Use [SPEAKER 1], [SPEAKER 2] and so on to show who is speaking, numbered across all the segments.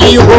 [SPEAKER 1] like you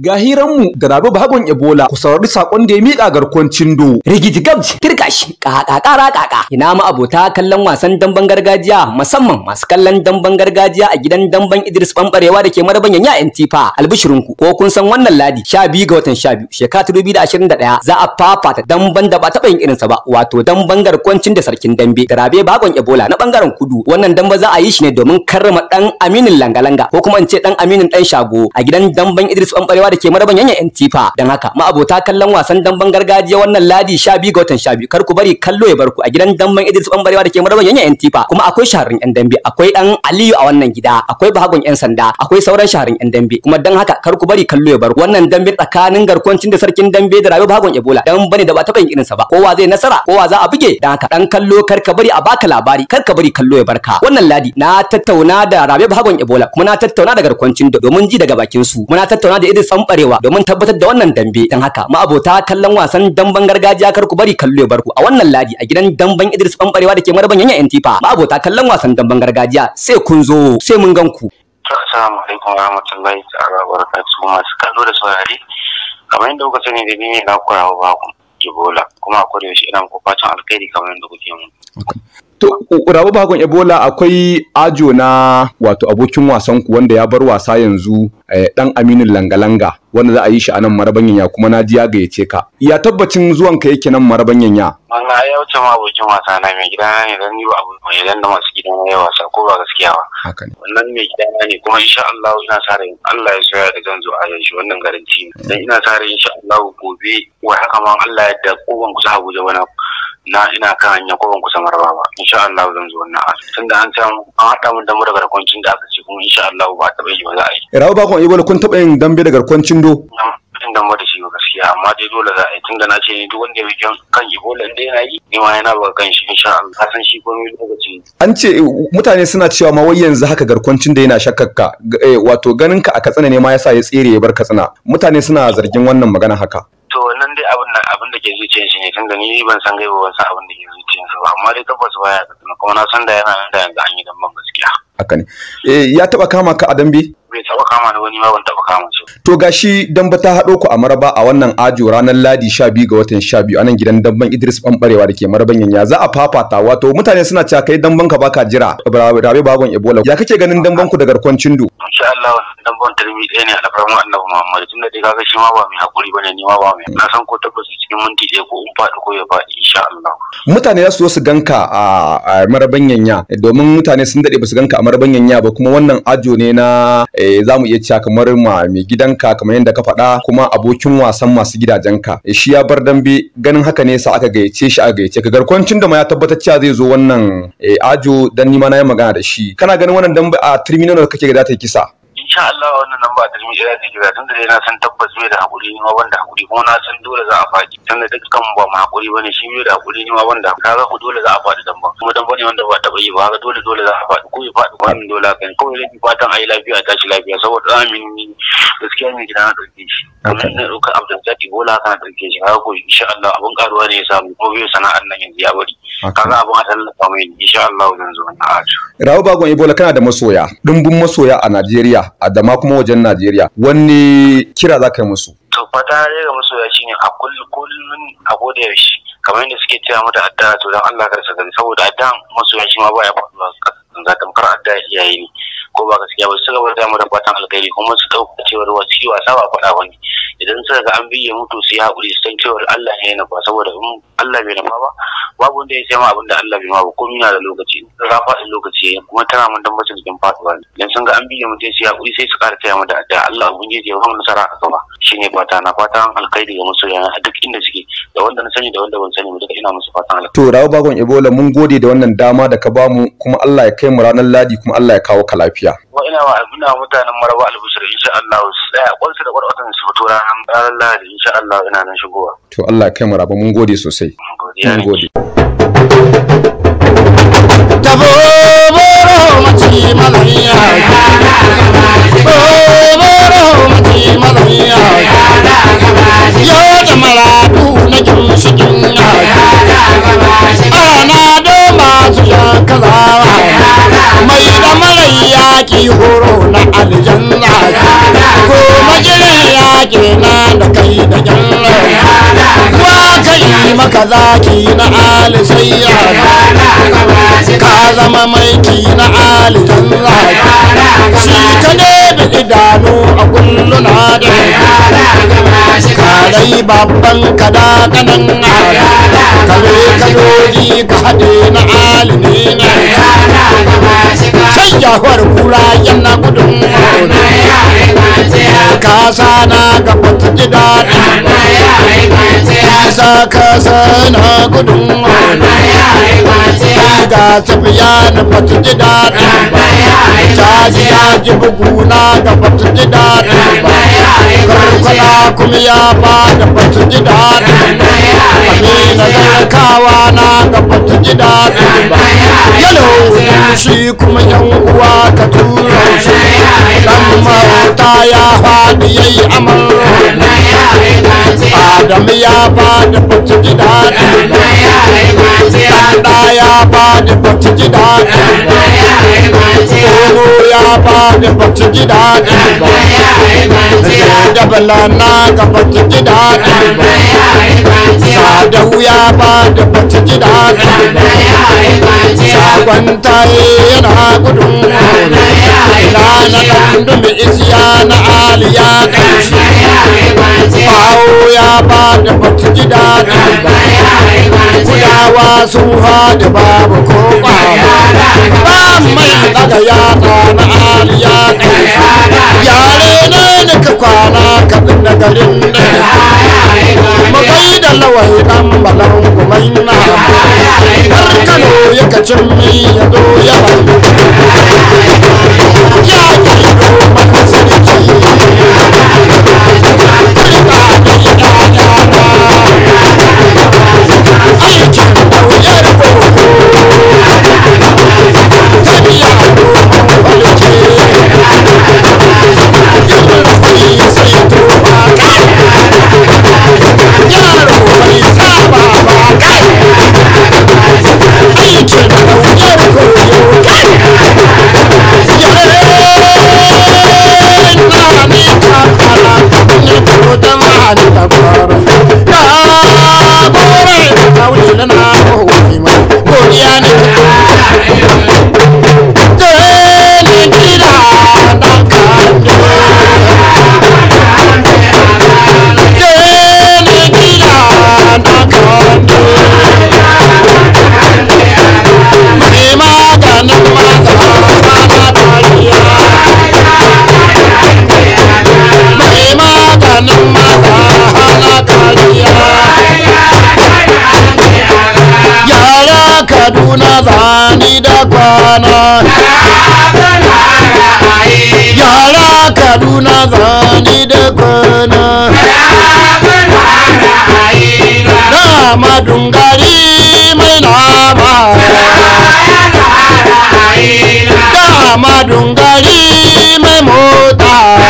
[SPEAKER 2] ga hiranmu da rabu bagon ebola ku saurari sakon da ya miƙa garkon cindo rigiji gabji
[SPEAKER 3] kirkashi kakakara kaka ina ma abota kallon wasan damben gargajiya musamman masu kallon damben gargajiya a gidan damben idris bambarewa da ke maraban yanya yan tifa albishirinku ko kun san wannan ladi sha biyu ga watan sha biyu shekara ta dubu da ashirin da ɗaya za a fafata damben da ba taɓa yin irinsa ba wato damben garkwancin da sarkin dambe da rabe bagon ebola na bangaren kudu wannan dambe za a yi shi ne domin karrama dan aminin Langalanga, langa ko kuma in ce dan aminin dan shago a gidan damben idris bambarewa da ke marabin yanyan yan tifa dan haka ma'abota kallon wasan damben gargajiya wannan ladi 12 ga watan 12 kar ku bari kallo ya barku a gidan damben Idris Bambarewa da ke marabin yanyan yan tifa kuma akwai shaharin yan dambe akwai dan Aliyu a wannan gida akwai bahagon yan sanda akwai sauran shaharin yan dambe kuma dan haka kar ku bari kallo ya barku wannan dambe tsakanin garkoncin da sarkin dambe da rayu bahagon Ebola dan bane da ba taɓa yin irinsa ba kowa zai nasara kowa za a buge dan haka dan kallo kar ka bari a baka labari kar ka bari kallo ya barka wannan ladi na tattauna da rabe Bahagon Ebola kuma na tattauna da garkwancin domin ji daga bakin su muna tattauna da Idris bambarewa domin tabbatar da wannan dambe dan haka ma'abota kallon wasan damben gargajiya kar ku bari kallo ya barku a wannan ladi a gidan damben Idris bambarewa dake maraban yanya Antifa ma'abota kallon wasan damben gargajiya sai kun zo sai mun gan ku
[SPEAKER 4] Assalamu alaikum wa rahmatullahi ta'ala wa barakatuhu masu kallo da saurari kamar yadda kuka sani da ni ne na koyawa ba ku Ebola kuma a kodayaushe ina muku fatan alkhairi kamar yadda kuke mu
[SPEAKER 2] To, Rabu Bakon Ebola akwai ajo na wato abokin wasanku wanda ya bar wasa yanzu eh, dan Aminu Langa-Langa wanda za a yi shi a nan marabanyanya kuma na ji ya gayyace ka. Ya tabbacin zuwan ka yake nan marabanyanya.
[SPEAKER 4] Wanda ya wuce ma abokin wasa na mai gida ne dan yi wa abu mai dan da masu gidan ne wasa ko ba gaskiya ba. Haka ne. Wannan mai gida ne kuma insha Allah ina sa ran Allah ya soya da zan zo a yanzu wannan garanti ne. Dan ina sa ran insha Allah gobe wai haka ma Allah ya da kowan ku Abuja wani abu. na ina kan hanya ko ban kusa maraba ba insha Allah zan zo wannan asibiti tunda an san an hada mun da mu da garkwancin da aka ce kuma insha Allah ba ta yi ba za a yi.
[SPEAKER 2] Eh, Rawu bakon Ibola kun taba yin dambe da garkwancin do?
[SPEAKER 4] in da da shi gaskiya amma dai dole za a yi tunda na ce ni duk wanda ya bikin kan ibola inda yana yi ni ma yana ba kan shi insha Allah san shi ko komai lokaci
[SPEAKER 2] an ce eh, mutane suna cewa ma wai yanzu haka garkwancin da yana shakkaka eh, wato ganin ka a katsina ne ma yasa ya tsere ya bar katsina mutane suna zargin wannan magana haka
[SPEAKER 4] to nan dai abin abin da ke zuciyar shi tun gani ni ban san gaiba ban san abin da ke yanzu ba amma dai tabbas baya katsina kuma na san da yana nan da yanzu an yi dan ban gaskiya
[SPEAKER 2] haka ne eh, ya taba kama ka a dambe
[SPEAKER 4] bai taba kama ni wani ma ban taba kama su
[SPEAKER 2] to gashi damba ta hado ku a maraba a wannan ajo ranar ladi 12 ga watan 12 a nan gidan damban Idris Bambarewa dake maraban yanya za a fafata wato mutane suna cewa kai damban ka baka jira rabe bagon Ebola ya kake ganin damban ku da garkon cindo insha
[SPEAKER 4] Allah abubuwan tarbi ɗaya ne alfarmu annabi muhammad tunda dai kaga shi ma ba mai hakuri bane ni ma ba mai na san ko tabbas cikin minti ɗaya ko in faɗi ko ya faɗi insha
[SPEAKER 2] Allah mutane za su zo su ganka a marabin yanya domin mutane sun daɗe ba su ganka a marabin yanya ba kuma wannan ajo ne na eh, za mu iya cewa kamar ma mai gidanka kamar yadda ka faɗa kuma abokin wasan masu ka eh, shi ya bar dambe ganin haka ne sa aka gayyace shi aka gayyace ka garkwancin da ma ya tabbatar cewa zai zo wannan eh, ajo dan nima na yi magana da shi kana ganin wannan dambe a terminal kake da ta kisa insha Allah wannan nan ba dalmi ira ne kira tunda dai na san tabbas bai da hakuri ni ma banda hakuri kuma na san dole za a faɗi tun da dukkan
[SPEAKER 4] ba ma hakuri bane shi bai da hakuri ni ma banda ka ga ku dole za a faɗi dan ba kuma dan bane wanda ba ta bayi ba ga dole dole za a faɗi ko ya faɗi wannan dole kan ko ya fatan ayi lafiya ta shi lafiya saboda amin ni gaskiya mai gida na dauke shi amin ne ruka abdul jadi bola kana dauke shi haka ko insha Allah abun karuwa ne ya samu ko bai sana'ar nan yanzu ya bari kaga abun a tallafa mai insha Allah zan zo na ajo
[SPEAKER 2] rawu bagon ibola kana da masoya dumbun masoya a Najeriya da ma kuma wajen Najeriya Wani kira za ka yi musu
[SPEAKER 4] to fata ne ga musu ya ne a kullun a goda yaushe kamar yadda suke cewa mata adda to dan Allah kar sa gari saboda addu'an musu ya shi ma ba faɗuwa za ta kar ya iyaye ne ko ba gaskiya ba su gaba da mu da fatan alkhairi kuma su dauka cewa wasu wasi wasa ba faɗa wani idan suka ga an biye mutu su yi haƙuri su san cewa Allah ne yana ba saboda in Allah bai nufa ba babu wanda ya sai ma abin da Allah bai ma ba komai na da lokaci za faɗi lokaci kuma tana mun dan bacin cikin faɗuwa idan sun ga an biye mutu su yi haƙuri sai su ƙara taya mu da addu'a Allah je ya ba nasara a gaba ne fata na fatan alkhairi ga masoya a duk inda suke da wanda na sani da wanda ban sani duka ina musu
[SPEAKER 2] fatan alkhairi to rawo bakon ebola mun gode da wannan dama da ka bamu kuma Allah ya kai mu ranar ladi kuma Allah ya kawo ka lafiya
[SPEAKER 4] kuma ina ma abuna mutanen maraba albusir insha Allah su tsaya kwansu da kwarwatan su fito ranar lahadi insha Allah ina nan shigowa
[SPEAKER 2] to Allah kai maraba mun gode sosai mun gode
[SPEAKER 1] ka zaki na ali sai ya ka zama maiki na ali dan zaki shi ka ne idanu a kullu na da ka dai babban ka da kanan ali ka ne ka yoji ka hade na ali ne na sai jahwar kura yana gudun ka sana ga kwata ji daɗi sa kasa na gudun wani ga na batu ji daɗi ba caji ya ji na ga batu ji daɗi ba karkala kuma ya ba da batu ji daɗi madina talakawa na gaba ta ji daɗi yalo shi kuma yan uwa ka tura shi dan mauta ya faɗi ya yi aman adamu ya faɗi ba ta ji daɗi ɗanɗa ya faɗi ba ta ji daɗi Ogo ya faɗi ba ta ji daɗi ba Dabala na gaba ta ji daɗi da wuya ba da bace ji da shagon taye yana gudun na na dundumi isiya na aliya kanshi bawo ya ba da bace ji da su sun da babu ko ba mai daga yata na aliya kanshi yare ne ka kwana ka bin garin चुम्मी दो Anitta agora na zani da kwana yara kaduna zani da kwana da madungari mai nama da madungari mai mota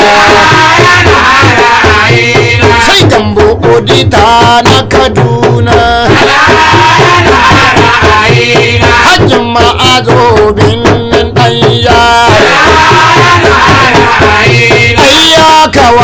[SPEAKER 1] sai tambo odita na kaduna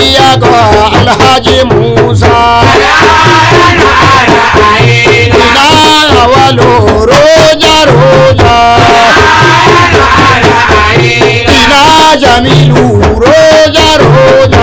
[SPEAKER 1] godiya ga alhaji musa ina walo roja roja ina jamilu roja roja